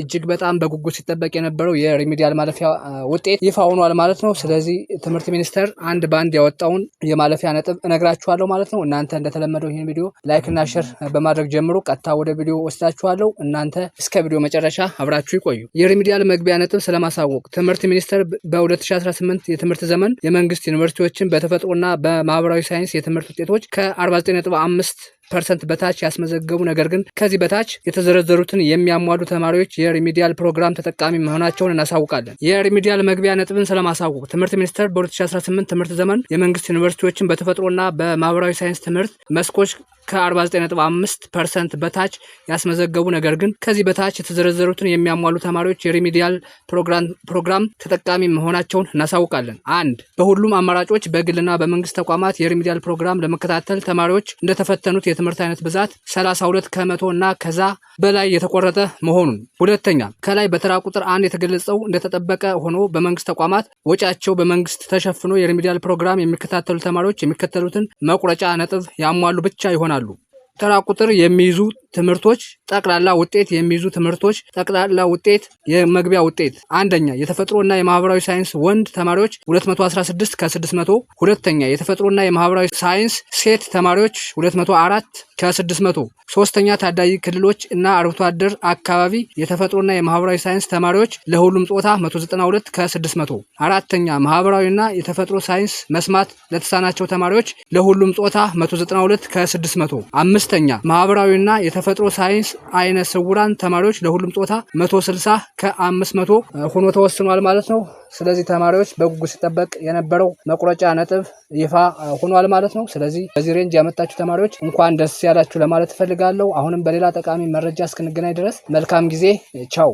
እጅግ በጣም በጉጉት ሲጠበቅ የነበረው የሪሚዲያል ማለፊያ ውጤት ይፋ ሆኗል ማለት ነው። ስለዚህ ትምህርት ሚኒስቴር አንድ በአንድ ያወጣውን የማለፊያ ነጥብ እነግራችኋለሁ ማለት ነው። እናንተ እንደተለመደው ይህን ቪዲዮ ላይክ እና ሼር በማድረግ ጀምሮ ቀጥታ ወደ ቪዲዮ ወስዳችኋለሁ። እናንተ እስከ ቪዲዮ መጨረሻ አብራችሁ ይቆዩ። የሪሚዲያል መግቢያ ነጥብ ስለማሳወቅ ትምህርት ሚኒስቴር በ2018 የትምህርት ዘመን የመንግስት ዩኒቨርሲቲዎችን በተፈጥሮና በማህበራዊ ሳይንስ የትምህርት ውጤቶች ከ49.5 ፐርሰንት በታች ያስመዘገቡ ነገር ግን ከዚህ በታች የተዘረዘሩትን የሚያሟሉ ተማሪዎች የሪሚዲያል ፕሮግራም ተጠቃሚ መሆናቸውን እናሳውቃለን። የሪሚዲያል መግቢያ ነጥብን ስለማሳወቅ ትምህርት ሚኒስቴር በ2018 ትምህርት ዘመን የመንግስት ዩኒቨርሲቲዎችን በተፈጥሮና በማህበራዊ ሳይንስ ትምህርት መስኮች ከ49.5 ፐርሰንት በታች ያስመዘገቡ ነገር ግን ከዚህ በታች የተዘረዘሩትን የሚያሟሉ ተማሪዎች የሪሚዲያል ፕሮግራም ተጠቃሚ መሆናቸውን እናሳውቃለን። አንድ በሁሉም አማራጮች በግልና በመንግስት ተቋማት የሪሚዲያል ፕሮግራም ለመከታተል ተማሪዎች እንደተፈተኑት የትምህርት አይነት ብዛት 32 ከመቶ እና ከዛ በላይ የተቆረጠ መሆኑን። ሁለተኛ ከላይ በተራ ቁጥር አንድ የተገለጸው እንደተጠበቀ ሆኖ በመንግስት ተቋማት ወጪያቸው በመንግስት ተሸፍኖ የሪሚዲያል ፕሮግራም የሚከታተሉ ተማሪዎች የሚከተሉትን መቁረጫ ነጥብ ያሟሉ ብቻ ይሆናሉ። ተራ ቁጥር የሚይዙ ትምህርቶች ጠቅላላ ውጤት የሚይዙ ትምህርቶች ጠቅላላ ውጤት የመግቢያ ውጤት አንደኛ የተፈጥሮና የማህበራዊ ሳይንስ ወንድ ተማሪዎች 216 ከ600፣ ሁለተኛ የተፈጥሮና የማህበራዊ ሳይንስ ሴት ተማሪዎች 204 ከ600፣ ሶስተኛ ታዳጊ ክልሎች እና አርብቶ አደር አካባቢ የተፈጥሮና የማህበራዊ ሳይንስ ተማሪዎች ለሁሉም ጾታ 192 ከ600፣ አራተኛ ማህበራዊና የተፈጥሮ ሳይንስ መስማት ለተሳናቸው ተማሪዎች ለሁሉም ጾታ 192 ከ600፣ አምስተኛ ማህበራዊና የተፈጥሮ ሳይንስ አይነ ስውራን ተማሪዎች ለሁሉም ጾታ 160 ከ500 ሆኖ ተወስኗል ማለት ነው። ስለዚህ ተማሪዎች በጉጉ ሲጠበቅ የነበረው መቁረጫ ነጥብ ይፋ ሆኗል ማለት ነው። ስለዚህ በዚህ ሬንጅ ያመጣችሁ ተማሪዎች እንኳን ደስ ያላችሁ ለማለት እፈልጋለሁ። አሁንም በሌላ ጠቃሚ መረጃ እስክንገናኝ ድረስ መልካም ጊዜ፣ ቻው።